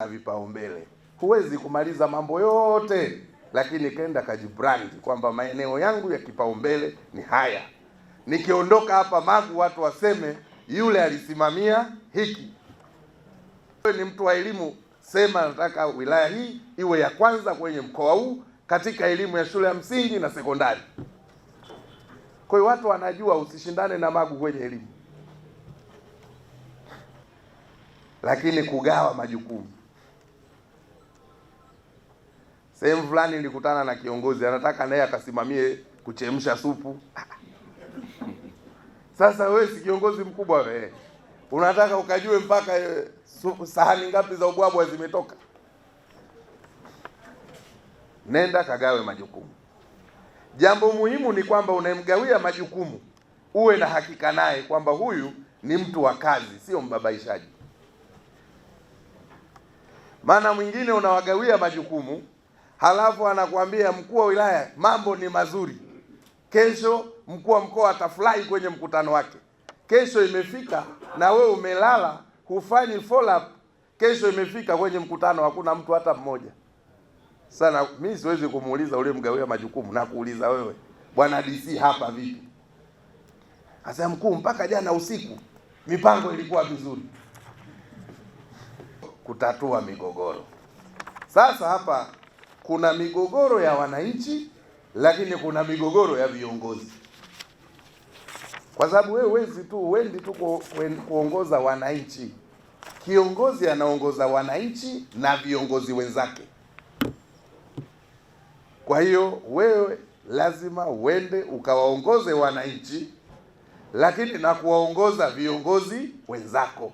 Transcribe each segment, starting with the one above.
na vipaumbele. Huwezi kumaliza mambo yote, lakini kaenda kajibrandi kwamba maeneo yangu ya kipaumbele ni haya. Nikiondoka hapa Magu, watu waseme yule alisimamia hiki. Wewe ni mtu wa elimu, sema nataka wilaya hii iwe ya kwanza kwenye mkoa huu katika elimu ya shule ya msingi na sekondari. Kwa hiyo watu wanajua, usishindane na Magu kwenye elimu, lakini kugawa majukumu sehemu fulani nilikutana na kiongozi anataka naye akasimamie kuchemsha supu. Sasa we si kiongozi mkubwa we, unataka ukajue mpaka eh, sahani ngapi za ubwabwa zimetoka? Nenda kagawe majukumu. Jambo muhimu ni kwamba unayemgawia majukumu uwe na hakika naye kwamba huyu ni mtu wa kazi, sio mbabaishaji. Maana mwingine unawagawia majukumu halafu anakuambia mkuu wa wilaya mambo ni mazuri, kesho mkuu wa mkoa atafurahi kwenye mkutano wake. Kesho imefika na we umelala, hufanyi follow up. Kesho imefika kwenye mkutano hakuna mtu hata mmoja. Sana mimi siwezi kumuuliza ule mgawia majukumu na kuuliza wewe bwana DC hapa vipi? Asema mkuu, mpaka jana usiku mipango ilikuwa vizuri kutatua migogoro. Sasa hapa kuna migogoro ya wananchi, lakini kuna migogoro ya viongozi, kwa sababu wewe huwezi tu uendi tu kuongoza wananchi. Kiongozi anaongoza wananchi na viongozi wenzake. Kwa hiyo wewe lazima uende ukawaongoze wananchi, lakini na kuwaongoza viongozi wenzako.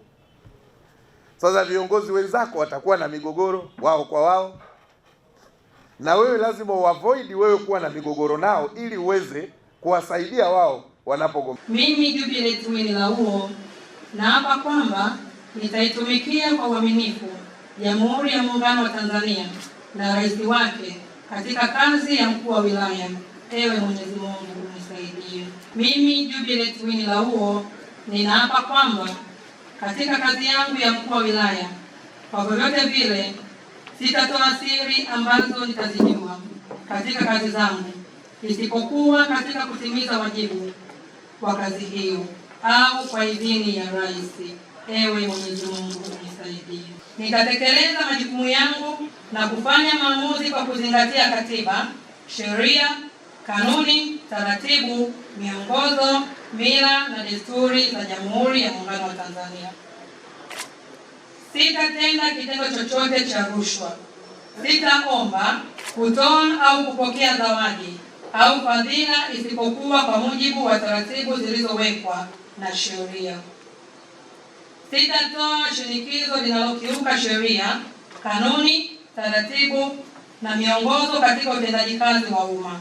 Sasa viongozi wenzako watakuwa na migogoro wao kwa wao na wewe lazima uavoid wewe kuwa na migogoro nao ili uweze kuwasaidia wao wanapogoma. Mimi Jubilate Mwenilauo naapa kwamba nitaitumikia kwa uaminifu Jamhuri ya Muungano wa Tanzania na rais wake katika kazi ya mkuu wa wilaya. Ewe Mwenyezi Mungu unisaidie. Mimi la huo ninaapa kwamba katika kazi yangu ya mkuu wa wilaya kwa vyovyote vile sitatoa siri ambazo nitazijua katika kazi zangu, isipokuwa katika kutimiza wajibu wa kazi hiyo au kwa idhini ya rais. Ewe Mwenyezi Mungu unisaidie. Nitatekeleza majukumu yangu na kufanya maamuzi kwa kuzingatia katiba, sheria, kanuni, taratibu, miongozo, mila na desturi za Jamhuri ya Muungano wa Tanzania. Sitatenda kitendo chochote cha rushwa, sitaomba, kutoa au kupokea zawadi au fadhila isipokuwa kwa mujibu wa taratibu zilizowekwa na sheria. Sitatoa shinikizo linalokiuka sheria, kanuni, taratibu na miongozo katika utendaji kazi wa umma.